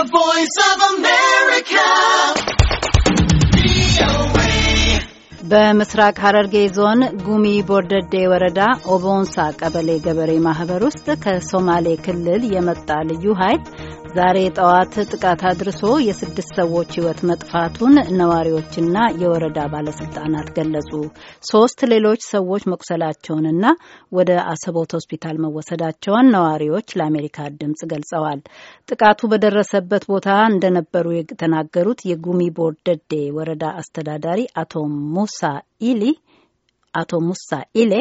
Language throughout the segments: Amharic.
The Voice of America. በምስራቅ ሐረርጌ ዞን ጉሚ ቦርደዴ ወረዳ ኦቦንሳ ቀበሌ ገበሬ ማህበር ውስጥ ከሶማሌ ክልል የመጣ ልዩ ኃይል ዛሬ ጠዋት ጥቃት አድርሶ የስድስት ሰዎች ሕይወት መጥፋቱን ነዋሪዎችና የወረዳ ባለስልጣናት ገለጹ። ሶስት ሌሎች ሰዎች መቁሰላቸውንና ወደ አሰቦት ሆስፒታል መወሰዳቸውን ነዋሪዎች ለአሜሪካ ድምፅ ገልጸዋል። ጥቃቱ በደረሰበት ቦታ እንደነበሩ የተናገሩት የጉሚ ቦርደዴ ወረዳ አስተዳዳሪ አቶ ሙሳ ኢሊ አቶ ሙሳ ኢሌ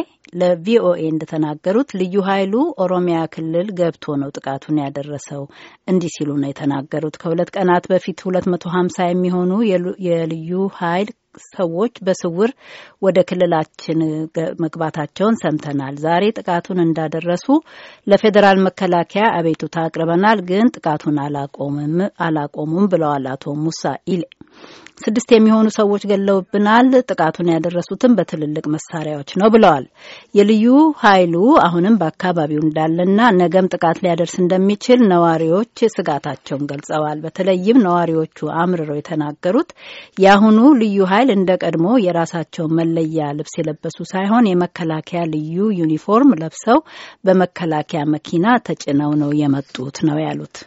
ለቪኦኤ እንደተናገሩት ልዩ ኃይሉ ኦሮሚያ ክልል ገብቶ ነው ጥቃቱን ያደረሰው። እንዲህ ሲሉ ነው የተናገሩት። ከሁለት ቀናት በፊት ሁለት መቶ ሀምሳ የሚሆኑ የልዩ ኃይል ሰዎች በስውር ወደ ክልላችን መግባታቸውን ሰምተናል። ዛሬ ጥቃቱን እንዳደረሱ ለፌዴራል መከላከያ አቤቱታ አቅርበናል፣ ግን ጥቃቱን አላቆሙም ብለዋል አቶ ሙሳ ኢሌ። ስድስት የሚሆኑ ሰዎች ገለውብናል። ጥቃቱን ያደረሱትም በትልልቅ መሳሪያዎች ነው ብለዋል። የልዩ ኃይሉ አሁንም በአካባቢው እንዳለና ነገም ጥቃት ሊያደርስ እንደሚችል ነዋሪዎች ስጋታቸውን ገልጸዋል። በተለይም ነዋሪዎቹ አምርረው የተናገሩት የአሁኑ ልዩ ኃይል እንደ ቀድሞ የራሳቸውን መለያ ልብስ የለበሱ ሳይሆን የመከላከያ ልዩ ዩኒፎርም ለብሰው በመከላከያ መኪና ተጭነው ነው የመጡት ነው ያሉት።